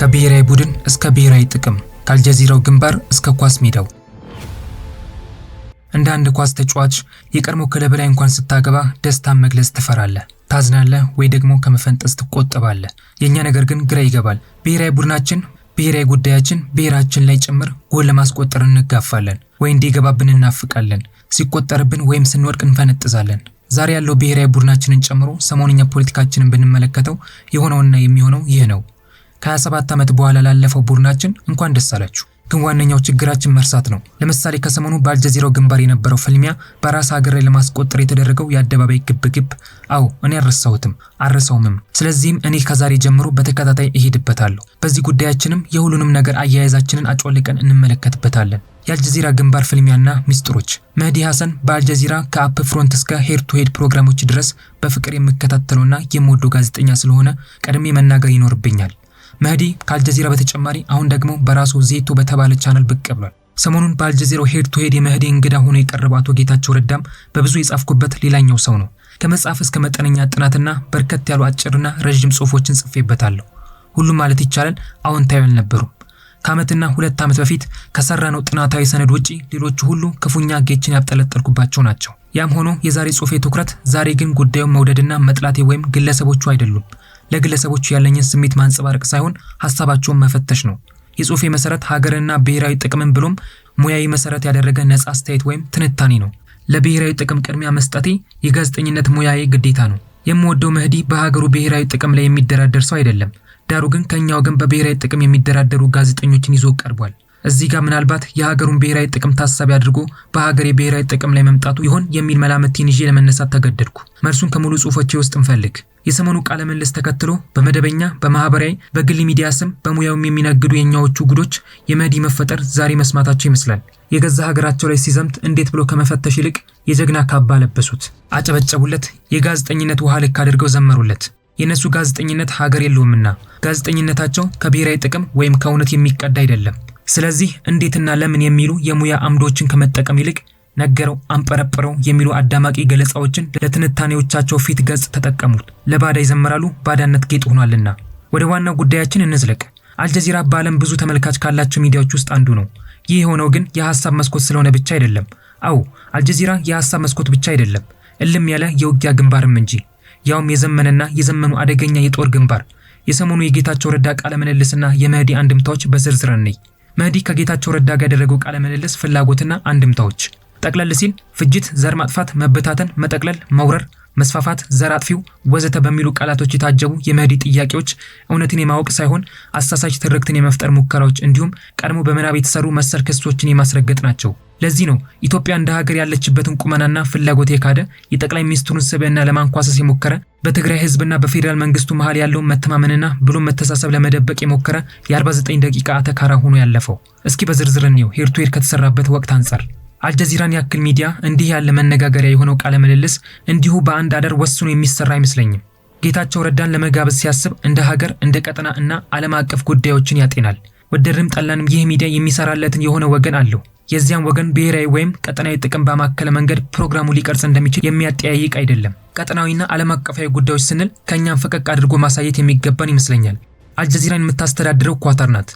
ከብሔራዊ ቡድን እስከ ብሔራዊ ጥቅም ከአልጀዚራው ግንባር እስከ ኳስ ሜዳው እንደ አንድ ኳስ ተጫዋች የቀድሞ ክለብ ላይ እንኳን ስታገባ ደስታን መግለጽ ትፈራለህ፣ ታዝናለህ፣ ወይ ደግሞ ከመፈንጠዝ ትቆጠባለህ። የእኛ ነገር ግን ግራ ይገባል። ብሔራዊ ቡድናችን፣ ብሔራዊ ጉዳያችን፣ ብሔራችን ላይ ጭምር ጎል ለማስቆጠር እንጋፋለን፣ ወይ እንዲገባብን እናፍቃለን። ሲቆጠርብን ወይም ስንወድቅ እንፈነጥዛለን። ዛሬ ያለው ብሔራዊ ቡድናችንን ጨምሮ ሰሞንኛ ፖለቲካችንን ብንመለከተው የሆነውና የሚሆነው ይህ ነው። ከ27 ዓመት በኋላ ላለፈው ቡድናችን እንኳን ደስ አላችሁ። ግን ዋነኛው ችግራችን መርሳት ነው። ለምሳሌ ከሰሞኑ በአልጀዚራው ግንባር የነበረው ፍልሚያ፣ በራስ ሀገር ላይ ለማስቆጠር የተደረገው የአደባባይ ግብግብ። አዎ እኔ አልረሳሁትም አልረሳውምም። ስለዚህም እኔ ከዛሬ ጀምሮ በተከታታይ እሄድበታለሁ። በዚህ ጉዳያችንም የሁሉንም ነገር አያያዛችንን አጮልቀን እንመለከትበታለን። የአልጀዚራ ግንባር ፍልሚያና ሚስጥሮች። መህዲ ሀሰን በአልጀዚራ ከአፕ ፍሮንት እስከ ሄድ ቱ ሄድ ፕሮግራሞች ድረስ በፍቅር የምከታተለውና የምወደው ጋዜጠኛ ስለሆነ ቀድሜ መናገር ይኖርብኛል። መህዲ ከአልጀዚራ በተጨማሪ አሁን ደግሞ በራሱ ዜቶ በተባለ ቻናል ብቅ ብሏል። ሰሞኑን በአልጀዚራው ሄድ ቱ ሄድ የመህዲ እንግዳ ሆኖ የቀረበው አቶ ጌታቸው ረዳም በብዙ የጻፍኩበት ሌላኛው ሰው ነው። ከመጽሐፍ እስከ መጠነኛ ጥናትና በርከት ያሉ አጭርና ረዥም ጽሑፎችን ጽፌበታለሁ። ሁሉም ማለት ይቻላል አዎንታዊ አልነበሩም። ከዓመትና ሁለት ዓመት በፊት ከሰራነው ጥናታዊ ሰነድ ውጪ ሌሎቹ ሁሉ ክፉኛ ጌችን ያብጠለጠልኩባቸው ናቸው። ያም ሆኖ የዛሬ ጽሁፌ ትኩረት ዛሬ ግን ጉዳዩን መውደድና መጥላቴ ወይም ግለሰቦቹ አይደሉም ለግለሰቦች ያለኝን ስሜት ማንጸባረቅ ሳይሆን ሀሳባቸውን መፈተሽ ነው። የጽሁፌ መሰረት ሀገርና ብሔራዊ ጥቅምን ብሎም ሙያዊ መሰረት ያደረገ ነጻ አስተያየት ወይም ትንታኔ ነው። ለብሔራዊ ጥቅም ቅድሚያ መስጠቴ የጋዜጠኝነት ሙያዬ ግዴታ ነው። የምወደው መህዲ በሀገሩ ብሔራዊ ጥቅም ላይ የሚደራደር ሰው አይደለም። ዳሩ ግን ከእኛ ወገን በብሔራዊ ጥቅም የሚደራደሩ ጋዜጠኞችን ይዞ ቀርቧል። እዚህ ጋር ምናልባት የሀገሩን ብሔራዊ ጥቅም ታሳቢ አድርጎ በሀገር የብሔራዊ ጥቅም ላይ መምጣቱ ይሆን የሚል መላምቴን ይዤ ለመነሳት ተገደድኩ። መልሱን ከሙሉ ጽሁፎቼ ውስጥ እንፈልግ። የሰሞኑ ቃለ ምልልስ ተከትሎ በመደበኛ በማህበራዊ በግል ሚዲያ ስም በሙያውም የሚነግዱ የእኛዎቹ ጉዶች የመዲ መፈጠር ዛሬ መስማታቸው ይመስላል። የገዛ ሀገራቸው ላይ ሲዘምት እንዴት ብሎ ከመፈተሽ ይልቅ የጀግና ካባ ለበሱት፣ አጨበጨቡለት፣ የጋዜጠኝነት ውሃ ልክ አድርገው ዘመሩለት። የእነሱ ጋዜጠኝነት ሀገር የለውምና ጋዜጠኝነታቸው ከብሔራዊ ጥቅም ወይም ከእውነት የሚቀዳ አይደለም። ስለዚህ እንዴትና ለምን የሚሉ የሙያ አምዶችን ከመጠቀም ይልቅ ነገረው፣ አንጠረጠረው የሚሉ አዳማቂ ገለጻዎችን ለትንታኔዎቻቸው ፊት ገጽ ተጠቀሙት። ለባዳ ይዘምራሉ፣ ባዳነት ጌጥ ሆኗልና። ወደ ዋናው ጉዳያችን እንዝለቅ። አልጀዚራ በዓለም ብዙ ተመልካች ካላቸው ሚዲያዎች ውስጥ አንዱ ነው። ይህ የሆነው ግን የሀሳብ መስኮት ስለሆነ ብቻ አይደለም። አዎ አልጀዚራ የሀሳብ መስኮት ብቻ አይደለም፣ እልም ያለ የውጊያ ግንባርም እንጂ። ያውም የዘመነና የዘመኑ አደገኛ የጦር ግንባር። የሰሞኑ የጌታቸው ረዳ ቃለ ምልልስና የመህዲ አንድምታዎች በዝርዝር እንይ። መህዲ ከጌታቸው ረዳ ጋር ያደረገው ቃለ ምልልስ ፍላጎትና አንድምታዎች ጠቅለል ሲል ፍጅት፣ ዘር ማጥፋት፣ መበታተን፣ መጠቅለል፣ መውረር፣ መስፋፋት፣ ዘር አጥፊው ወዘተ በሚሉ ቃላቶች የታጀቡ የመህዲ ጥያቄዎች እውነትን የማወቅ ሳይሆን አሳሳች ትርክትን የመፍጠር ሙከራዎች እንዲሁም ቀድሞ በምናብ የተሰሩ መሰል ክሶችን የማስረገጥ ናቸው። ለዚህ ነው ኢትዮጵያ እንደ ሀገር ያለችበትን ቁመናና ፍላጎት የካደ የጠቅላይ ሚኒስትሩን ስብዕና ለማንኳሰስ የሞከረ በትግራይ ህዝብና በፌዴራል መንግስቱ መሀል ያለውን መተማመንና ብሎ መተሳሰብ ለመደበቅ የሞከረ የ49 ደቂቃ አተካራ ሆኖ ያለፈው። እስኪ በዝርዝር እንየው ሄድ ቱ ሄድ ከተሰራበት ወቅት አንጻር አልጀዚራን ያክል ሚዲያ እንዲህ ያለ መነጋገሪያ የሆነው ቃለ ምልልስ እንዲሁ በአንድ አደር ወስኖ የሚሰራ አይመስለኝም። ጌታቸው ረዳን ለመጋበዝ ሲያስብ እንደ ሀገር፣ እንደ ቀጠና እና ዓለም አቀፍ ጉዳዮችን ያጤናል። ወደድንም ጠላንም ይህ ሚዲያ የሚሰራለትን የሆነ ወገን አለው። የዚያም ወገን ብሔራዊ ወይም ቀጠናዊ ጥቅም በማከለ መንገድ ፕሮግራሙ ሊቀርጽ እንደሚችል የሚያጠያይቅ አይደለም። ቀጠናዊና ዓለም አቀፋዊ ጉዳዮች ስንል ከእኛም ፈቀቅ አድርጎ ማሳየት የሚገባን ይመስለኛል። አልጀዚራን የምታስተዳድረው ኳታር ናት።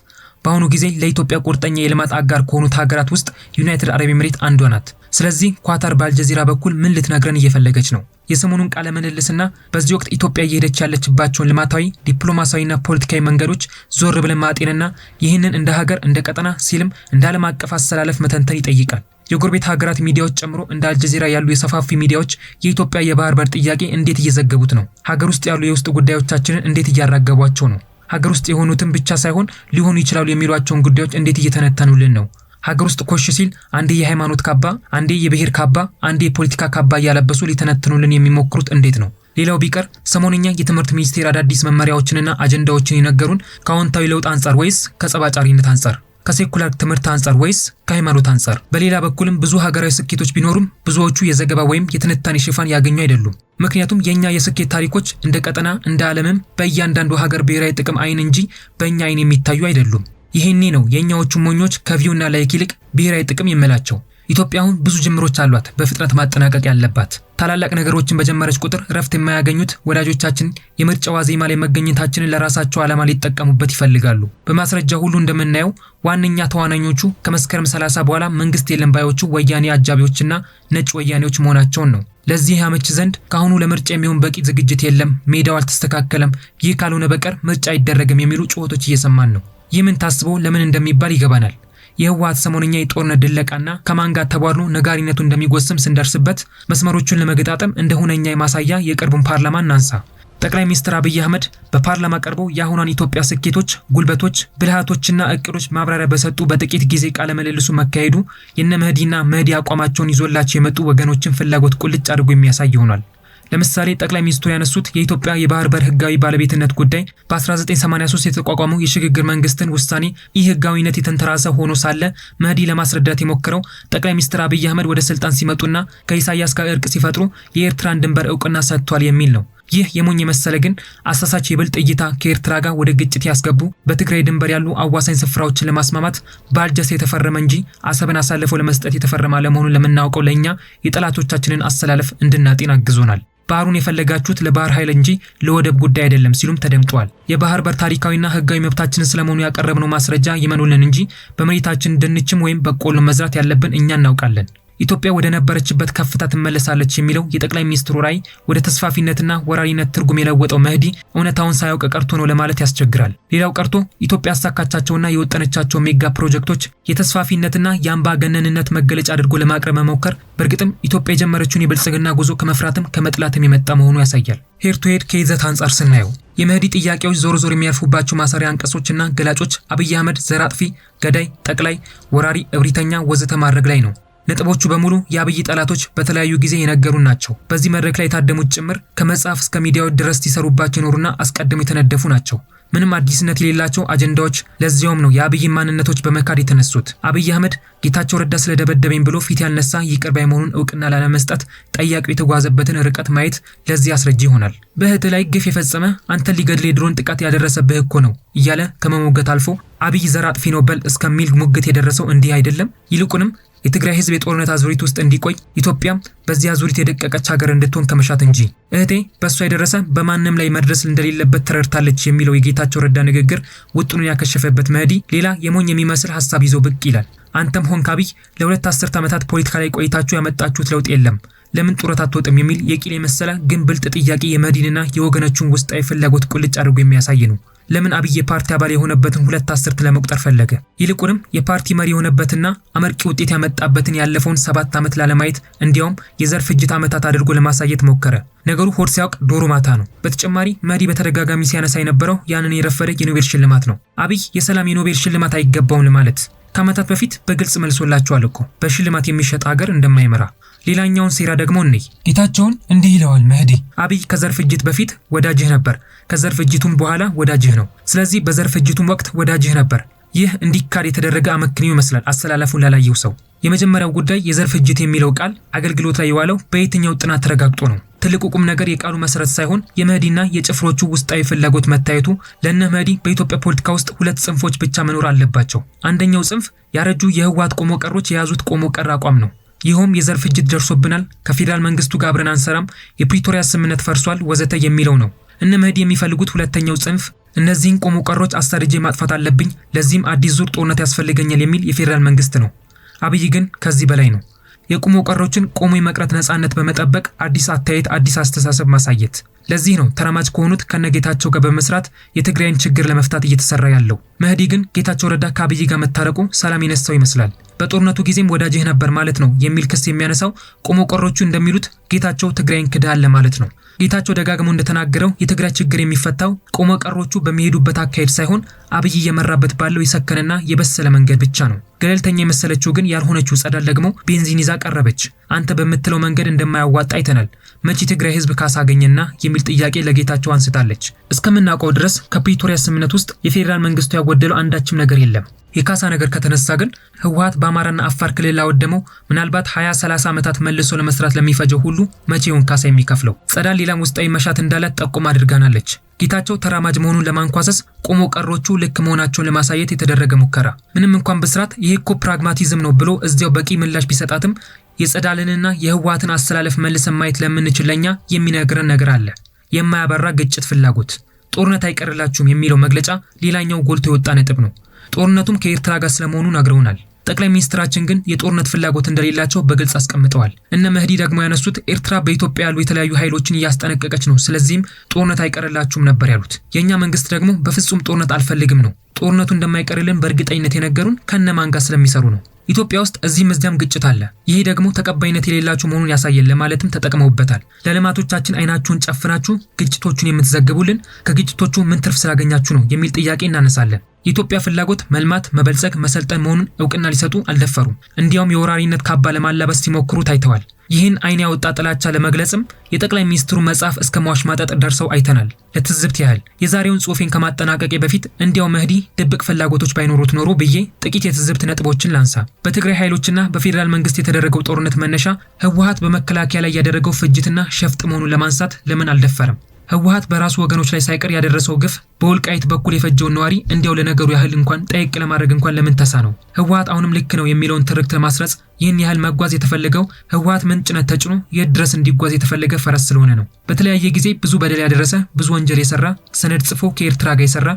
በአሁኑ ጊዜ ለኢትዮጵያ ቁርጠኛ የልማት አጋር ከሆኑት ሀገራት ውስጥ ዩናይትድ አረብ ኤምሬት አንዷ ናት። ስለዚህ ኳታር በአልጀዚራ በኩል ምን ልትነግረን እየፈለገች ነው? የሰሞኑን ቃለ ምልልስና በዚህ ወቅት ኢትዮጵያ እየሄደች ያለችባቸውን ልማታዊ፣ ዲፕሎማሲያዊና ፖለቲካዊ መንገዶች ዞር ብለን ማጤንና ይህንን እንደ ሀገር፣ እንደ ቀጠና ሲልም እንደ ዓለም አቀፍ አሰላለፍ መተንተን ይጠይቃል። የጎረቤት ሀገራት ሚዲያዎች ጨምሮ እንደ አልጀዚራ ያሉ የሰፋፊ ሚዲያዎች የኢትዮጵያ የባህር በር ጥያቄ እንዴት እየዘገቡት ነው? ሀገር ውስጥ ያሉ የውስጥ ጉዳዮቻችንን እንዴት እያራገቧቸው ነው? ሀገር ውስጥ የሆኑትን ብቻ ሳይሆን ሊሆኑ ይችላሉ የሚሏቸውን ጉዳዮች እንዴት እየተነተኑልን ነው? ሀገር ውስጥ ኮሽ ሲል አንዴ የሃይማኖት ካባ፣ አንዴ የብሔር ካባ፣ አንዴ የፖለቲካ ካባ እያለበሱ ሊተነትኑልን የሚሞክሩት እንዴት ነው? ሌላው ቢቀር ሰሞንኛ የትምህርት ሚኒስቴር አዳዲስ መመሪያዎችንና አጀንዳዎችን የነገሩን ከአዎንታዊ ለውጥ አንጻር ወይስ ከጸባጫሪነት አንጻር ከሴኩላር ትምህርት አንጻር ወይስ ከሃይማኖት አንጻር? በሌላ በኩልም ብዙ ሀገራዊ ስኬቶች ቢኖሩም ብዙዎቹ የዘገባ ወይም የትንታኔ ሽፋን ያገኙ አይደሉም። ምክንያቱም የእኛ የስኬት ታሪኮች እንደ ቀጠና እንደ ዓለምም በእያንዳንዱ ሀገር ብሔራዊ ጥቅም አይን እንጂ በእኛ አይን የሚታዩ አይደሉም። ይህኔ ነው የእኛዎቹ ሞኞች ከቪውና ላይክ ይልቅ ብሔራዊ ጥቅም ይመላቸው። ኢትዮጵያ አሁን ብዙ ጅምሮች አሏት፣ በፍጥነት ማጠናቀቅ ያለባት። ታላላቅ ነገሮችን በጀመረች ቁጥር ረፍት የማያገኙት ወዳጆቻችን የምርጫ ዋዜማ ላይ መገኘታችንን ለራሳቸው ዓላማ ሊጠቀሙበት ይፈልጋሉ። በማስረጃ ሁሉ እንደምናየው ዋነኛ ተዋናኞቹ ከመስከረም 30 በኋላ መንግስት የለም ባዮቹ ወያኔ አጃቢዎችና ነጭ ወያኔዎች መሆናቸውን ነው። ለዚህ ያመች ዘንድ ከአሁኑ ለምርጫ የሚሆን በቂ ዝግጅት የለም፣ ሜዳው አልተስተካከለም፣ ይህ ካልሆነ በቀር ምርጫ አይደረግም የሚሉ ጩኸቶች እየሰማን ነው። ይህ ምን ታስቦ ለምን እንደሚባል ይገባናል። የህወሓት ሰሞንኛ የጦርነት ድለቃና ከማን ጋር ተቧድኖ ነጋሪነቱ እንደሚጎስም ስንደርስበት መስመሮቹን ለመገጣጠም እንደ ሁነኛ የማሳያ የቅርቡን ፓርላማ እናንሳ። ጠቅላይ ሚኒስትር አብይ አህመድ በፓርላማ ቀርበው የአሁኗን ኢትዮጵያ ስኬቶች፣ ጉልበቶች፣ ብልሃቶችና እቅዶች ማብራሪያ በሰጡ በጥቂት ጊዜ ቃለ ምልልሱ መካሄዱ የነ መህዲና መህዲ አቋማቸውን ይዞላቸው የመጡ ወገኖችን ፍላጎት ቁልጭ አድርጎ የሚያሳይ ይሆናል። ለምሳሌ ጠቅላይ ሚኒስትሩ ያነሱት የኢትዮጵያ የባህር በር ህጋዊ ባለቤትነት ጉዳይ በ1983 የተቋቋመው የሽግግር መንግስትን ውሳኔ ይህ ህጋዊነት የተንተራሰ ሆኖ ሳለ መህዲ ለማስረዳት የሞከረው ጠቅላይ ሚኒስትር አብይ አህመድ ወደ ስልጣን ሲመጡና ከኢሳያስ ጋር እርቅ ሲፈጥሩ የኤርትራን ድንበር እውቅና ሰጥቷል የሚል ነው። ይህ የሞኝ የመሰለ ግን አሳሳች የብልጥ እይታ ከኤርትራ ጋር ወደ ግጭት ያስገቡ በትግራይ ድንበር ያሉ አዋሳኝ ስፍራዎችን ለማስማማት በአልጀርስ የተፈረመ እንጂ አሰብን አሳልፎ ለመስጠት የተፈረመ አለመሆኑን ለምናውቀው ለእኛ የጠላቶቻችንን አሰላለፍ እንድናጤን አግዞናል። ባህሩን የፈለጋችሁት ለባህር ኃይል እንጂ ለወደብ ጉዳይ አይደለም ሲሉም ተደምጧል። የባህር በር ታሪካዊና ህጋዊ መብታችንን ስለመሆኑ ያቀረብነው ማስረጃ ይመኑልን እንጂ በመሬታችን ድንችም ወይም በቆሎ መዝራት ያለብን እኛ እናውቃለን። ኢትዮጵያ ወደ ነበረችበት ከፍታ ትመለሳለች የሚለው የጠቅላይ ሚኒስትሩ ራዕይ ወደ ተስፋፊነትና ወራሪነት ትርጉም የለወጠው መህዲ እውነታውን ሳያውቅ ቀርቶ ነው ለማለት ያስቸግራል። ሌላው ቀርቶ ኢትዮጵያ ያሳካቻቸውና የወጠነቻቸው ሜጋ ፕሮጀክቶች የተስፋፊነትና የአምባገነንነት መገለጫ አድርጎ ለማቅረብ መሞከር በእርግጥም ኢትዮጵያ የጀመረችውን የብልጽግና ጉዞ ከመፍራትም ከመጥላትም የመጣ መሆኑ ያሳያል። ሄድ ቱ ሄድ ከይዘት አንጻር ስናየው የመህዲ ጥያቄዎች ዞር ዞር የሚያልፉባቸው ማሰሪያ አንቀሶችና ገላጮች አብይ አህመድ ዘር አጥፊ፣ ገዳይ፣ ጠቅላይ፣ ወራሪ፣ እብሪተኛ ወዘተ ማድረግ ላይ ነው። ነጥቦቹ በሙሉ የአብይ ጠላቶች በተለያዩ ጊዜ የነገሩን ናቸው። በዚህ መድረክ ላይ የታደሙት ጭምር ከመጽሐፍ እስከ ሚዲያዎች ድረስ ሲሰሩባቸው ይኖሩና አስቀድመው የተነደፉ ናቸው። ምንም አዲስነት የሌላቸው አጀንዳዎች። ለዚያውም ነው የአብይን ማንነቶች በመካድ የተነሱት። አብይ አህመድ ጌታቸው ረዳ ስለደበደበኝ ብሎ ፊት ያልነሳ ይቅር ባይ መሆኑን እውቅና ላለመስጠት ጠያቂው የተጓዘበትን ርቀት ማየት ለዚህ አስረጅ ይሆናል። በእህት ላይ ግፍ የፈጸመ አንተን ሊገድል የድሮን ጥቃት ያደረሰብህ እኮ ነው እያለ ከመሞገት አልፎ አብይ ዘር አጥፊ ነው በል እስከሚል ሙግት የደረሰው እንዲህ አይደለም። ይልቁንም የትግራይ ህዝብ የጦርነት አዙሪት ውስጥ እንዲቆይ ኢትዮጵያም በዚህ አዙሪት የደቀቀች ሀገር እንድትሆን ከመሻት እንጂ። እህቴ በእሷ የደረሰ በማንም ላይ መድረስ እንደሌለበት ተረድታለች የሚለው የጌታቸው ረዳ ንግግር ውጥኑን ያከሸፈበት መህዲ ሌላ የሞኝ የሚመስል ሀሳብ ይዞ ብቅ ይላል። አንተም ሆንክ አብይ ለሁለት አስርት ዓመታት ፖለቲካ ላይ ቆይታችሁ ያመጣችሁት ለውጥ የለም ለምን ጡረታ አትወጥም የሚል የቂል የመሰለ ግን ብልጥ ጥያቄ የመዲንና የወገኖቹን ውስጣዊ ፍላጎት ቁልጭ አድርጎ የሚያሳይ ነው። ለምን አብይ የፓርቲ አባል የሆነበትን ሁለት አስርት ለመቁጠር ፈለገ? ይልቁንም የፓርቲ መሪ የሆነበትና አመርቂ ውጤት ያመጣበትን ያለፈውን ሰባት ዓመት ላለማየት እንዲያውም የዘር ፍጅት ዓመታት አድርጎ ለማሳየት ሞከረ። ነገሩ ሆድ ሲያውቅ ዶሮ ማታ ነው። በተጨማሪ መሪ በተደጋጋሚ ሲያነሳ የነበረው ያንን የረፈደ የኖቤል ሽልማት ነው። አብይ የሰላም የኖቤል ሽልማት አይገባውም ማለት ከዓመታት በፊት በግልጽ መልሶላቸዋል እኮ በሽልማት የሚሸጥ ሀገር እንደማይመራ ሌላኛውን ሴራ ደግሞ እንይ። ጌታቸውን እንዲህ ይለዋል መህዲ፣ አብይ ከዘር በፊት ወዳጅህ ነበር፣ ከዘር በኋላ ወዳጅህ ነው። ስለዚህ በዘርፍ ፍጅቱም ወቅት ወዳጅህ ነበር። ይህ እንዲካድ የተደረገ አመክንዮ ይመስላል አሰላለፉን ላላየው ሰው። የመጀመሪያው ጉዳይ የዘርፍ ፍጅት የሚለው ቃል አገልግሎት ላይ የዋለው በየትኛው ጥናት ተረጋግጦ ነው? ትልቁ ቁም ነገር የቃሉ መሰረት ሳይሆን የመህዲና የጭፍሮቹ ውስጣዊ ፍላጎት መታየቱ። ለነ መህዲ በኢትዮጵያ ፖለቲካ ውስጥ ሁለት ጽንፎች ብቻ መኖር አለባቸው። አንደኛው ጽንፍ ያረጁ የህወሓት ቆሞ ቀሮች የያዙት ቆሞ ቀር አቋም ነው። ይኸውም የዘር ፍጅት ደርሶብናል፣ ከፌዴራል መንግስቱ ጋር አብረን አንሰራም፣ የፕሪቶሪያ ስምምነት ፈርሷል ወዘተ የሚለው ነው። እነ መህዲ የሚፈልጉት ሁለተኛው ጽንፍ እነዚህን ቆሞ ቀሮች አሳድጄ ማጥፋት አለብኝ፣ ለዚህም አዲስ ዙር ጦርነት ያስፈልገኛል የሚል የፌዴራል መንግስት ነው። አብይ ግን ከዚህ በላይ ነው። የቆሞ ቀሮችን ቆሞ የመቅረት ነጻነት በመጠበቅ አዲስ አተያየት፣ አዲስ አስተሳሰብ ማሳየት። ለዚህ ነው ተራማጅ ከሆኑት ከነጌታቸው ጋር በመስራት የትግራይን ችግር ለመፍታት እየተሰራ ያለው። መህዲ ግን ጌታቸው ረዳ ከአብይ ጋር መታረቁ ሰላም የነሳው ይመስላል። በጦርነቱ ጊዜም ወዳጅህ ነበር ማለት ነው የሚል ክስ የሚያነሳው ቆሞ ቀሮቹ እንደሚሉት ጌታቸው ትግራይን ክዳለ ማለት ነው። ጌታቸው ደጋግሞ እንደተናገረው የትግራይ ችግር የሚፈታው ቆሞ ቀሮቹ በሚሄዱበት አካሄድ ሳይሆን አብይ እየመራበት ባለው የሰከነና የበሰለ መንገድ ብቻ ነው። ገለልተኛ የመሰለችው ግን ያልሆነችው ጸዳል ደግሞ ቤንዚን ይዛ ቀረበች። አንተ በምትለው መንገድ እንደማያዋጣ አይተናል። መቼ ትግራይ ህዝብ ካሳ የሚል ጥያቄ ለጌታቸው አንስታለች። እስከምናውቀው ድረስ ከፕሪቶሪያ ስምምነት ውስጥ የፌዴራል መንግስቱ የጎደለው አንዳችም ነገር የለም። የካሳ ነገር ከተነሳ ግን ህወሀት በአማራና አፋር ክልል ላወደመው ምናልባት 20 30 ዓመታት መልሶ ለመስራት ለሚፈጀው ሁሉ መቼውን ካሳ የሚከፍለው? ጸዳል ሌላም ውስጣዊ መሻት እንዳላት ጠቁም አድርጋናለች። ጌታቸው ተራማጅ መሆኑን ለማንኳሰስ ቆሞ ቀሮቹ ልክ መሆናቸውን ለማሳየት የተደረገ ሙከራ። ምንም እንኳን ብስራት ይህ እኮ ፕራግማቲዝም ነው ብሎ እዚያው በቂ ምላሽ ቢሰጣትም የጸዳልንና የህወሀትን አሰላለፍ መልሰን ማየት ለምንችል ለኛ የሚነግረን ነገር አለ። የማያበራ ግጭት ፍላጎት ጦርነት አይቀርላችሁም የሚለው መግለጫ ሌላኛው ጎልቶ የወጣ ነጥብ ነው። ጦርነቱም ከኤርትራ ጋር ስለመሆኑ ነግረውናል። ጠቅላይ ሚኒስትራችን ግን የጦርነት ፍላጎት እንደሌላቸው በግልጽ አስቀምጠዋል። እነ መህዲ ደግሞ ያነሱት ኤርትራ በኢትዮጵያ ያሉ የተለያዩ ኃይሎችን እያስጠነቀቀች ነው፣ ስለዚህም ጦርነት አይቀርላችሁም ነበር ያሉት። የእኛ መንግስት ደግሞ በፍጹም ጦርነት አልፈልግም ነው። ጦርነቱ እንደማይቀርልን በእርግጠኝነት የነገሩን ከነማን ጋር ስለሚሰሩ ነው። ኢትዮጵያ ውስጥ እዚህም እዚያም ግጭት አለ። ይሄ ደግሞ ተቀባይነት የሌላችሁ መሆኑን ያሳየን ለማለትም ተጠቅመውበታል። ለልማቶቻችን አይናችሁን ጨፍናችሁ ግጭቶቹን የምትዘግቡልን ከግጭቶቹ ምን ትርፍ ስላገኛችሁ ነው የሚል ጥያቄ እናነሳለን። የኢትዮጵያ ፍላጎት መልማት፣ መበልጸግ፣ መሰልጠን መሆኑን እውቅና ሊሰጡ አልደፈሩም። እንዲያውም የወራሪነት ካባ ለማላበስ ሲሞክሩ ታይተዋል። ይህን አይን ያወጣ ጥላቻ ለመግለጽም የጠቅላይ ሚኒስትሩ መጽሐፍ እስከ ማሽማጠጥ ደርሰው አይተናል። ለትዝብት ያህል የዛሬውን ጽሑፌን ከማጠናቀቄ በፊት እንዲያው መህዲ ድብቅ ፍላጎቶች ባይኖሩት ኖሮ ብዬ ጥቂት የትዝብት ነጥቦችን ላንሳ። በትግራይ ኃይሎችና በፌዴራል መንግስት የተደረገው ጦርነት መነሻ ህወሀት በመከላከያ ላይ ያደረገው ፍጅትና ሸፍጥ መሆኑን ለማንሳት ለምን አልደፈረም? ህወሀት በራሱ ወገኖች ላይ ሳይቀር ያደረሰው ግፍ በወልቃይት በኩል የፈጀውን ነዋሪ እንዲያው ለነገሩ ያህል እንኳን ጠይቅ ለማድረግ እንኳን ለምን ተሳ ነው? ህወሀት አሁንም ልክ ነው የሚለውን ትርክት ለማስረጽ ይህን ያህል መጓዝ የተፈለገው ህወሀት ምን ጭነት ተጭኖ የት ድረስ እንዲጓዝ የተፈለገ ፈረስ ስለሆነ ነው። በተለያየ ጊዜ ብዙ በደል ያደረሰ ብዙ ወንጀል የሰራ ሰነድ ጽፎ ከኤርትራ ጋር የሰራ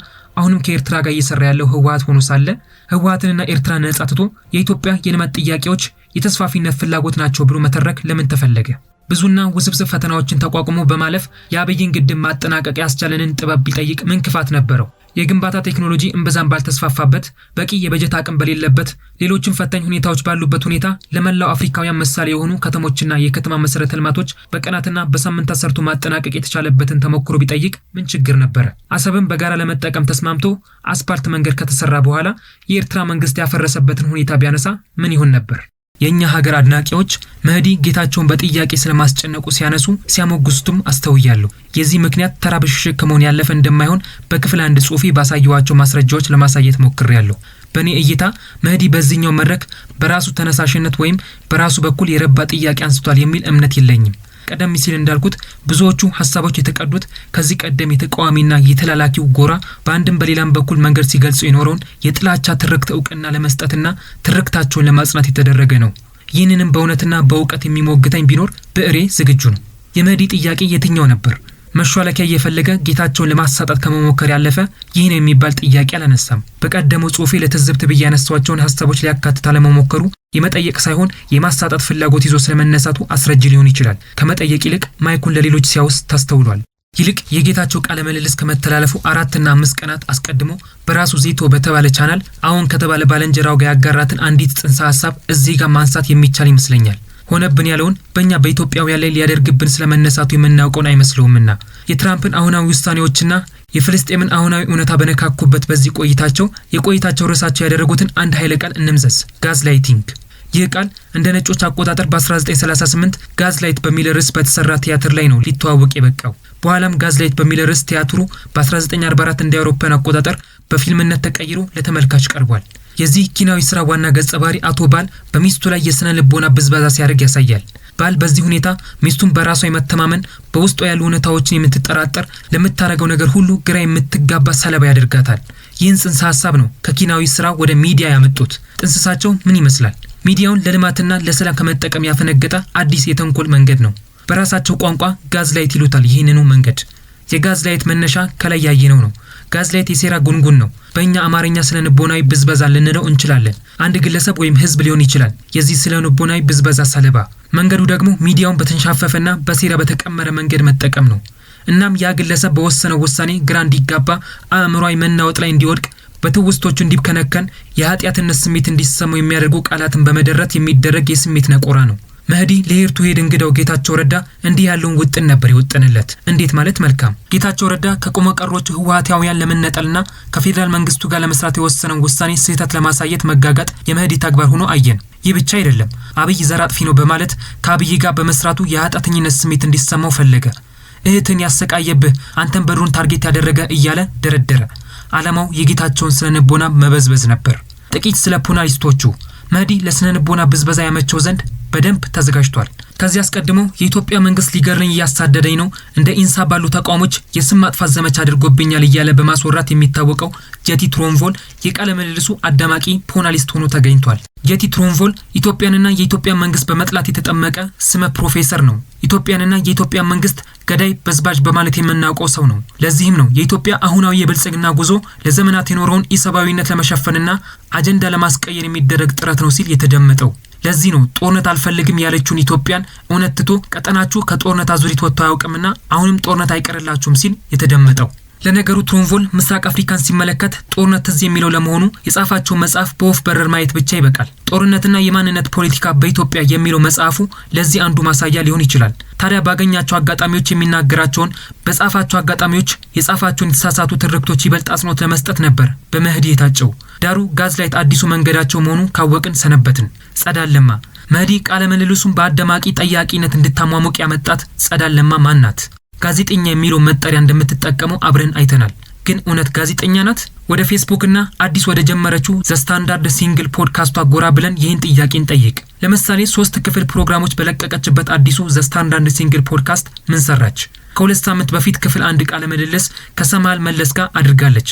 አሁንም ከኤርትራ ጋር እየሰራ ያለው ህወሀት ሆኖ ሳለ ህወሀትንና ኤርትራን ነጻ ትቶ የኢትዮጵያ የልማት ጥያቄዎች የተስፋፊነት ፍላጎት ናቸው ብሎ መተረክ ለምን ተፈለገ? ብዙና ውስብስብ ፈተናዎችን ተቋቁሞ በማለፍ የአብይን ግድብ ማጠናቀቅ ያስቻለንን ጥበብ ቢጠይቅ ምን ክፋት ነበረው? የግንባታ ቴክኖሎጂ እምብዛም ባልተስፋፋበት፣ በቂ የበጀት አቅም በሌለበት፣ ሌሎችም ፈታኝ ሁኔታዎች ባሉበት ሁኔታ ለመላው አፍሪካውያን ምሳሌ የሆኑ ከተሞችና የከተማ መሰረተ ልማቶች በቀናትና በሳምንታት ሰርቶ ማጠናቀቅ የተቻለበትን ተሞክሮ ቢጠይቅ ምን ችግር ነበረ? አሰብን በጋራ ለመጠቀም ተስማምቶ አስፓልት መንገድ ከተሰራ በኋላ የኤርትራ መንግስት ያፈረሰበትን ሁኔታ ቢያነሳ ምን ይሆን ነበር? የእኛ ሀገር አድናቂዎች መህዲ ጌታቸውን በጥያቄ ስለማስጨነቁ ሲያነሱ ሲያሞግሱትም አስተውያለሁ። የዚህ ምክንያት ተራ ብሽሽቅ ከመሆን ያለፈ እንደማይሆን በክፍል አንድ ጽሑፌ ባሳየኋቸው ማስረጃዎች ለማሳየት ሞክሬያለሁ። በእኔ እይታ መህዲ በዚህኛው መድረክ በራሱ ተነሳሽነት ወይም በራሱ በኩል የረባ ጥያቄ አንስቷል የሚል እምነት የለኝም። ቀደም ሲል እንዳልኩት ብዙዎቹ ሀሳቦች የተቀዱት ከዚህ ቀደም የተቃዋሚና የተላላኪው ጎራ በአንድም በሌላም በኩል መንገድ ሲገልጹ የኖረውን የጥላቻ ትርክት እውቅና ለመስጠትና ትርክታቸውን ለማጽናት የተደረገ ነው። ይህንንም በእውነትና በእውቀት የሚሞግተኝ ቢኖር ብዕሬ ዝግጁ ነው። የመዲ ጥያቄ የትኛው ነበር? መሿለኪያ እየፈለገ ጌታቸውን ለማሳጣት ከመሞከር ያለፈ ይህ ነው የሚባል ጥያቄ አላነሳም። በቀደመው ጽሁፌ ለትዝብት ብዬ ያነሳቸውን ሀሳቦች ሊያካትት አለመሞከሩ የመጠየቅ ሳይሆን የማሳጣት ፍላጎት ይዞ ስለመነሳቱ አስረጅ ሊሆን ይችላል። ከመጠየቅ ይልቅ ማይኩን ለሌሎች ሲያውስ ተስተውሏል። ይልቅ የጌታቸው ቃለ ምልልስ ከመተላለፉ አራትና አምስት ቀናት አስቀድሞ በራሱ ዜቶ በተባለ ቻናል አሁን ከተባለ ባለንጀራው ጋር ያጋራትን አንዲት ጽንሰ ሀሳብ እዚህ ጋር ማንሳት የሚቻል ይመስለኛል። ሆነብን ያለውን በእኛ በኢትዮጵያውያን ላይ ሊያደርግብን ስለመነሳቱ የምናውቀውን አይመስለውምና የትራምፕን አሁናዊ ውሳኔዎችና የፍልስጤምን አሁናዊ እውነታ በነካኩበት በዚህ ቆይታቸው የቆይታቸው ርዕሳቸው ያደረጉትን አንድ ኃይለ ቃል እንምዘዝ፣ ጋዝ ላይቲንግ። ይህ ቃል እንደ ነጮች አቆጣጠር በ1938 ጋዝ ላይት በሚል ርዕስ በተሰራ ቲያትር ላይ ነው ሊተዋወቅ የበቃው። በኋላም ጋዝ ላይት በሚል ርዕስ ቲያትሩ በ1944 እንደ አውሮፓን አቆጣጠር በፊልምነት ተቀይሮ ለተመልካች ቀርቧል። የዚህ ኪናዊ ስራ ዋና ገጸ ባህሪ አቶ ባል በሚስቱ ላይ የስነ ልቦና ብዝበዛ ሲያደርግ ያሳያል። ባል በዚህ ሁኔታ ሚስቱን በራሷ የመተማመን በውስጧ ያሉ እውነታዎችን የምትጠራጠር፣ ለምታደርገው ነገር ሁሉ ግራ የምትጋባ ሰለባ ያደርጋታል። ይህን ጽንሰ ሀሳብ ነው ከኪናዊ ስራ ወደ ሚዲያ ያመጡት። ጥንስሳቸው ምን ይመስላል? ሚዲያውን ለልማትና ለሰላም ከመጠቀም ያፈነገጠ አዲስ የተንኮል መንገድ ነው። በራሳቸው ቋንቋ ጋዝ ላይት ይሉታል። ይህንኑ መንገድ የጋዝ ላይት መነሻ ከላይ ያየነው ነው። ጋዝ ላይት የሴራ ጉንጉን ነው። በእኛ አማርኛ ስነ ንቦናዊ ብዝበዛ ልንለው እንችላለን። አንድ ግለሰብ ወይም ህዝብ ሊሆን ይችላል የዚህ ስነ ንቦናዊ ብዝበዛ ሰለባ። መንገዱ ደግሞ ሚዲያውን በተንሻፈፈና በሴራ በተቀመረ መንገድ መጠቀም ነው። እናም ያ ግለሰብ በወሰነው ውሳኔ ግራ እንዲጋባ፣ አእምሯዊ መናወጥ ላይ እንዲወድቅ በትውስቶቹ እንዲብከነከን የኃጢአትነት ስሜት እንዲሰማው የሚያደርጉ ቃላትን በመደረት የሚደረግ የስሜት ነቆራ ነው። መህዲ ሄድ እንግዳው ጌታቸው ረዳ እንዲህ ያለውን ውጥን ነበር ይውጥንለት። እንዴት ማለት መልካም ጌታቸው ረዳ ከቆመ ቀሮቹ ህወሓታውያን ለመነጠልና ከፌዴራል መንግስቱ ጋር ለመስራት የወሰነውን ውሳኔ ስህተት ለማሳየት መጋጋጥ የመህዲ ተግባር ሆኖ አየን። ይህ ብቻ አይደለም፣ አብይ ዘር አጥፊ ነው በማለት ከአብይ ጋር በመስራቱ የኃጢአተኝነት ስሜት እንዲሰማው ፈለገ። እህትን ያሰቃየብህ አንተን በድሮን ታርጌት ያደረገ እያለ ደረደረ። አላማው የጌታቸውን ስነ ልቦና መበዝበዝ ነበር። ጥቂት ስለ ፖናሊስቶቹ መዲ ለስነ ልቦና ብዝበዛ ያመቸው ዘንድ በደንብ ተዘጋጅቷል። ከዚህ አስቀድሞ የኢትዮጵያ መንግስት ሊገርኝ እያሳደደኝ ነው፣ እንደ ኢንሳ ባሉ ተቋሞች የስም ማጥፋት ዘመቻ አድርጎብኛል እያለ በማስወራት የሚታወቀው ጀቲ ትሮንቮል የቃለ ምልልሱ አዳማቂ ፖናሊስት ሆኖ ተገኝቷል። የቲ ትሮንቮል ኢትዮጵያንና የኢትዮጵያ መንግስት በመጥላት የተጠመቀ ስመ ፕሮፌሰር ነው። ኢትዮጵያንና የኢትዮጵያ መንግስት ገዳይ፣ በዝባጅ በማለት የምናውቀው ሰው ነው። ለዚህም ነው የኢትዮጵያ አሁናዊ የብልጽግና ጉዞ ለዘመናት የኖረውን ኢሰብአዊነት ለመሸፈንና አጀንዳ ለማስቀየር የሚደረግ ጥረት ነው ሲል የተደመጠው። ለዚህ ነው ጦርነት አልፈልግም ያለችውን ኢትዮጵያን እውነት ትቶ ቀጠናችሁ ከጦርነት አዙሪት ወጥቶ አያውቅምና አሁንም ጦርነት አይቀርላችሁም ሲል የተደመጠው። ለነገሩ ትሮንቮል ምስራቅ አፍሪካን ሲመለከት ጦርነት ትዝ የሚለው ለመሆኑ የጻፋቸው መጽሐፍ በወፍ በረር ማየት ብቻ ይበቃል። ጦርነትና የማንነት ፖለቲካ በኢትዮጵያ የሚለው መጽሐፉ ለዚህ አንዱ ማሳያ ሊሆን ይችላል። ታዲያ ባገኛቸው አጋጣሚዎች የሚናገራቸውን በጻፋቸው አጋጣሚዎች የጻፋቸውን የተሳሳቱ ትርክቶች ይበልጥ አጽንኦት ለመስጠት ነበር በመህዲ የታጨው። ዳሩ ጋዝላይት አዲሱ መንገዳቸው መሆኑ ካወቅን ሰነበትን። ጸዳል ለማ መህዲ ቃለ ምልልሱን በአደማቂ ጠያቂነት እንድታሟሙቅ ያመጣት ጸዳል ለማ ማን ናት? ጋዜጠኛ የሚለውን መጠሪያ እንደምትጠቀመው አብረን አይተናል። ግን እውነት ጋዜጠኛ ናት? ወደ ፌስቡክ እና አዲስ ወደ ጀመረችው ዘስታንዳርድ ሲንግል ፖድካስቷ ጎራ ብለን ይህን ጥያቄ እንጠይቅ። ለምሳሌ ሶስት ክፍል ፕሮግራሞች በለቀቀችበት አዲሱ ዘስታንዳርድ ሲንግል ፖድካስት ምን ሰራች? ከሁለት ሳምንት በፊት ክፍል አንድ ቃለ ምልልስ ከሰማል መለስ ጋር አድርጋለች።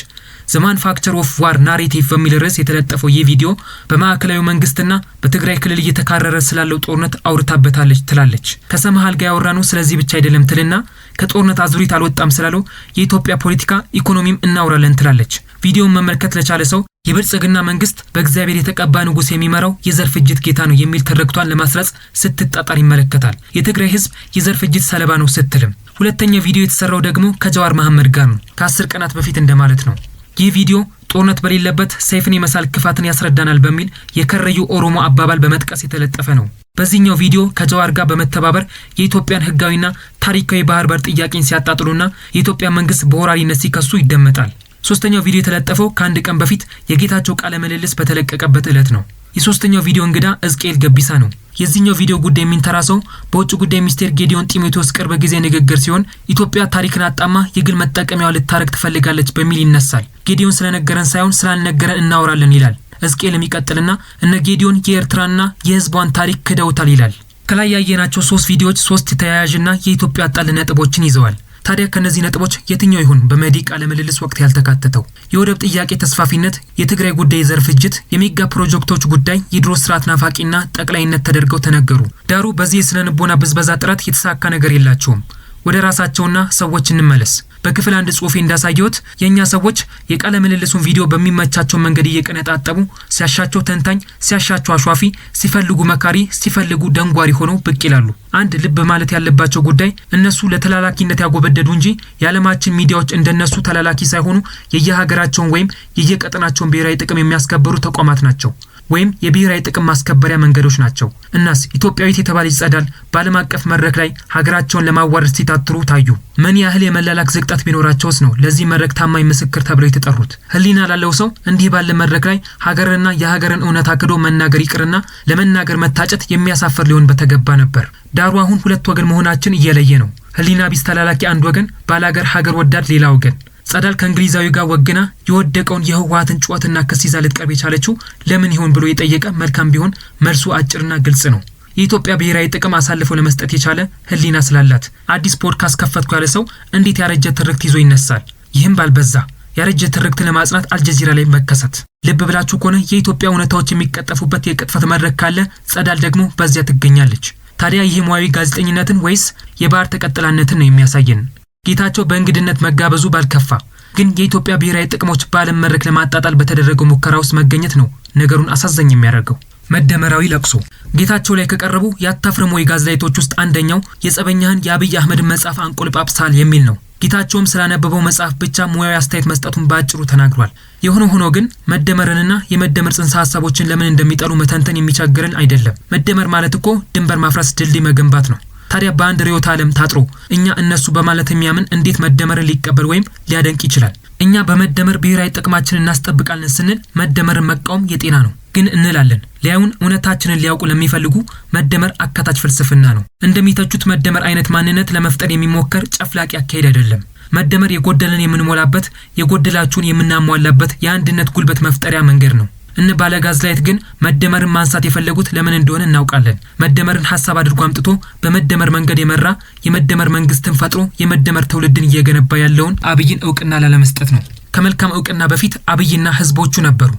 ዘማንፋክቸር ኦፍ ዋር ናሬቲቭ በሚል ርዕስ የተለጠፈው ይህ ቪዲዮ በማዕከላዊ መንግስትና በትግራይ ክልል እየተካረረ ስላለው ጦርነት አውርታበታለች ትላለች። ከሰመሃል ጋር ያወራነው ስለዚህ ብቻ አይደለም ትልና ከጦርነት አዙሪት አልወጣም ስላለው የኢትዮጵያ ፖለቲካ ኢኮኖሚም እናውራለን ትላለች። ቪዲዮውን መመልከት ለቻለ ሰው የብልጽግና መንግስት በእግዚአብሔር የተቀባ ንጉሥ የሚመራው የዘር ፍጅት ጌታ ነው የሚል ትርክቷን ለማስረጽ ስትጣጣር ይመለከታል። የትግራይ ህዝብ የዘር ፍጅት ሰለባ ነው ስትልም። ሁለተኛ ቪዲዮ የተሰራው ደግሞ ከጀዋር መሐመድ ጋር ነው። ከአስር ቀናት በፊት እንደማለት ነው። ይህ ቪዲዮ ጦርነት በሌለበት ሰይፍን የመሳል ክፋትን ያስረዳናል በሚል የከረዩ ኦሮሞ አባባል በመጥቀስ የተለጠፈ ነው። በዚህኛው ቪዲዮ ከጀዋር ጋር በመተባበር የኢትዮጵያን ህጋዊና ታሪካዊ ባህር በር ጥያቄን ሲያጣጥሉና የኢትዮጵያ መንግስት በወራሪነት ሲከሱ ይደመጣል። ሶስተኛው ቪዲዮ የተለጠፈው ከአንድ ቀን በፊት የጌታቸው ቃለ ምልልስ በተለቀቀበት ዕለት ነው። የሶስተኛው ቪዲዮ እንግዳ እዝቅኤል ገቢሳ ነው። የዚህኛው ቪዲዮ ጉዳይ ሰው በውጭ ጉዳይ ሚኒስቴር ጌዲዮን ጢሞቴዎስ ቅርብ ጊዜ ንግግር ሲሆን ኢትዮጵያ ታሪክን አጣማ የግል መጠቀሚያዋ ልታረግ ትፈልጋለች በሚል ይነሳል። ጌዲዮን ስለነገረን ሳይሆን ስላልነገረን እናወራለን ይላል። እዝቅኤል የሚቀጥልና እነ ጌዲዮን የኤርትራና የህዝቧን ታሪክ ክደውታል ይላል። ከላይ ያየናቸው ሶስት ቪዲዮዎች ሶስት ተያያዥና የኢትዮጵያ ጣል ነጥቦችን ይዘዋል። ታዲያ ከነዚህ ነጥቦች የትኛው ይሁን በመህዲ ቃለ ምልልስ ወቅት ያልተካተተው? የወደብ ጥያቄ ተስፋፊነት፣ የትግራይ ጉዳይ ዘር ፍጅት፣ የሚጋ ፕሮጀክቶች ጉዳይ የድሮ ስርዓት ናፋቂና ጠቅላይነት ተደርገው ተነገሩ። ዳሩ በዚህ የስነ ልቦና ብዝበዛ ጥረት የተሳካ ነገር የላቸውም። ወደ ራሳቸውና ሰዎች እንመለስ። በክፍል አንድ ጽሁፌ እንዳሳየሁት የእኛ ሰዎች የቃለ ምልልሱን ቪዲዮ በሚመቻቸው መንገድ እየቀነጣጠቡ ሲያሻቸው ተንታኝ፣ ሲያሻቸው አሿፊ፣ ሲፈልጉ መካሪ፣ ሲፈልጉ ደንጓሪ ሆነው ብቅ ይላሉ። አንድ ልብ ማለት ያለባቸው ጉዳይ እነሱ ለተላላኪነት ያጎበደዱ እንጂ የዓለማችን ሚዲያዎች እንደነሱ ተላላኪ ሳይሆኑ የየሀገራቸውን ወይም የየቀጠናቸውን ብሔራዊ ጥቅም የሚያስከብሩ ተቋማት ናቸው። ወይም የብሔራዊ ጥቅም ማስከበሪያ መንገዶች ናቸው። እናስ ኢትዮጵያዊት የተባለች ጸዳል በዓለም አቀፍ መድረክ ላይ ሀገራቸውን ለማዋረድ ሲታትሩ ታዩ። ምን ያህል የመላላክ ዝቅጠት ቢኖራቸውስ ነው ለዚህ መድረክ ታማኝ ምስክር ተብለው የተጠሩት? ህሊና ላለው ሰው እንዲህ ባለ መድረክ ላይ ሀገርና የሀገርን እውነት አክዶ መናገር ይቅርና ለመናገር መታጨት የሚያሳፍር ሊሆን በተገባ ነበር። ዳሩ አሁን ሁለት ወገን መሆናችን እየለየ ነው። ህሊና ቢስ ተላላኪ አንድ ወገን፣ ባላገር ሀገር ወዳድ ሌላ ወገን ጸዳል ከእንግሊዛዊ ጋር ወግና የወደቀውን የህወሀትን ጩኸትና ክስ ይዛ ልትቀርብ የቻለችው ለምን ይሆን ብሎ የጠየቀ መልካም ቢሆን መልሱ አጭርና ግልጽ ነው። የኢትዮጵያ ብሔራዊ ጥቅም አሳልፎ ለመስጠት የቻለ ህሊና ስላላት። አዲስ ፖድካስት ከፈትኩ ያለ ሰው እንዴት ያረጀ ትርክት ይዞ ይነሳል? ይህም ባልበዛ ያረጀ ትርክት ለማጽናት አልጀዚራ ላይ መከሰት። ልብ ብላችሁ ከሆነ የኢትዮጵያ እውነታዎች የሚቀጠፉበት የቅጥፈት መድረክ ካለ ጸዳል ደግሞ በዚያ ትገኛለች። ታዲያ ይህ ሙያዊ ጋዜጠኝነትን ወይስ የባህር ተቀጥላነትን ነው የሚያሳየን? ጌታቸው በእንግድነት መጋበዙ ባልከፋ፣ ግን የኢትዮጵያ ብሔራዊ ጥቅሞች በዓለም መድረክ ለማጣጣል በተደረገው ሙከራ ውስጥ መገኘት ነው ነገሩን አሳዛኝ የሚያደርገው። መደመራዊ ለቅሶ ጌታቸው ላይ ከቀረቡ ያታፍርሞ የጋዜጣዎች ውስጥ አንደኛው የጸበኛህን የአብይ አህመድን መጽሐፍ አንቆልጳጵሳል የሚል ነው። ጌታቸውም ስላነበበው መጽሐፍ ብቻ ሙያዊ አስተያየት መስጠቱን በአጭሩ ተናግሯል። የሆነ ሆኖ ግን መደመርንና የመደመር ጽንሰ ሀሳቦችን ለምን እንደሚጠሉ መተንተን የሚቸግርን አይደለም። መደመር ማለት እኮ ድንበር ማፍረስ፣ ድልድይ መገንባት ነው። ታዲያ በአንድ ርዕዮተ ዓለም ታጥሮ እኛ እነሱ በማለት የሚያምን እንዴት መደመርን ሊቀበል ወይም ሊያደንቅ ይችላል? እኛ በመደመር ብሔራዊ ጥቅማችንን እናስጠብቃለን ስንል መደመርን መቃወም የጤና ነው ግን እንላለን። ሊያዩን እውነታችንን ሊያውቁ ለሚፈልጉ መደመር አካታች ፍልስፍና ነው። እንደሚተቹት መደመር አይነት ማንነት ለመፍጠር የሚሞከር ጨፍላቂ አካሄድ አይደለም። መደመር የጎደለን የምንሞላበት፣ የጎደላችሁን የምናሟላበት የአንድነት ጉልበት መፍጠሪያ መንገድ ነው። እነ ባለጋዝ ላይት ግን መደመርን ማንሳት የፈለጉት ለምን እንደሆነ እናውቃለን። መደመርን ሀሳብ አድርጎ አምጥቶ በመደመር መንገድ የመራ የመደመር መንግስትን ፈጥሮ የመደመር ትውልድን እየገነባ ያለውን አብይን እውቅና ላለመስጠት ነው። ከመልካም እውቅና በፊት አብይና ህዝቦቹ ነበሩ።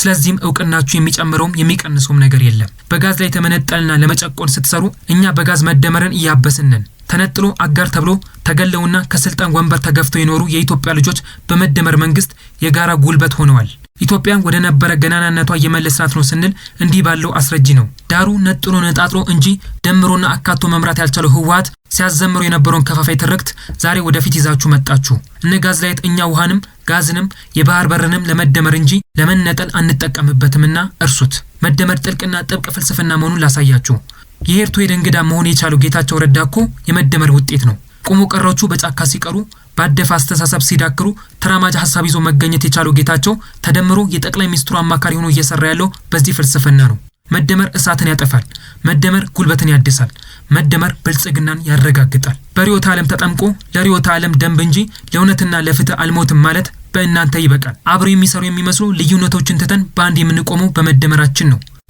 ስለዚህም እውቅናችሁ የሚጨምረውም የሚቀንሰውም ነገር የለም። በጋዝ ላይ ተመነጠልና ለመጨቆን ስትሰሩ እኛ በጋዝ መደመርን እያበስንን ተነጥሎ አጋር ተብሎ ተገለውና ከስልጣን ወንበር ተገፍተው የኖሩ የኢትዮጵያ ልጆች በመደመር መንግስት የጋራ ጉልበት ሆነዋል። ኢትዮጵያን ወደ ነበረ ገናናነቷ እየመለስናት ነው ስንል እንዲህ ባለው አስረጂ ነው። ዳሩ ነጥሎ ነጣጥሎ እንጂ ደምሮና አካቶ መምራት ያልቻለው ህወሀት ሲያዘምሩ የነበረውን ከፋፋይ ትርክት ዛሬ ወደፊት ይዛችሁ መጣችሁ። እነ ጋዝ ላይት እኛ ውሃንም ጋዝንም የባህር በርንም ለመደመር እንጂ ለመነጠል አንጠቀምበትምና እርሱት። መደመር ጥልቅና ጥብቅ ፍልስፍና መሆኑን ላሳያችሁ። የኤርትራ የደንግዳ መሆን የቻለው ጌታቸው ረዳ እኮ የመደመር ውጤት ነው። ቆሞ ቀሮቹ በጫካ ሲቀሩ ባደፈ አስተሳሰብ ሲዳክሩ ተራማጅ ሀሳብ ይዞ መገኘት የቻለው ጌታቸው ተደምሮ የጠቅላይ ሚኒስትሩ አማካሪ ሆኖ እየሰራ ያለው በዚህ ፍልስፍና ነው። መደመር እሳትን ያጠፋል። መደመር ጉልበትን ያድሳል። መደመር ብልጽግናን ያረጋግጣል። በርዕዮተ ዓለም ተጠምቆ ለርዕዮተ ዓለም ደንብ እንጂ ለእውነትና ለፍትህ አልሞትም ማለት በእናንተ ይበቃል። አብረው የሚሰሩ የሚመስሉ ልዩነቶችን ትተን በአንድ የምንቆመው በመደመራችን ነው።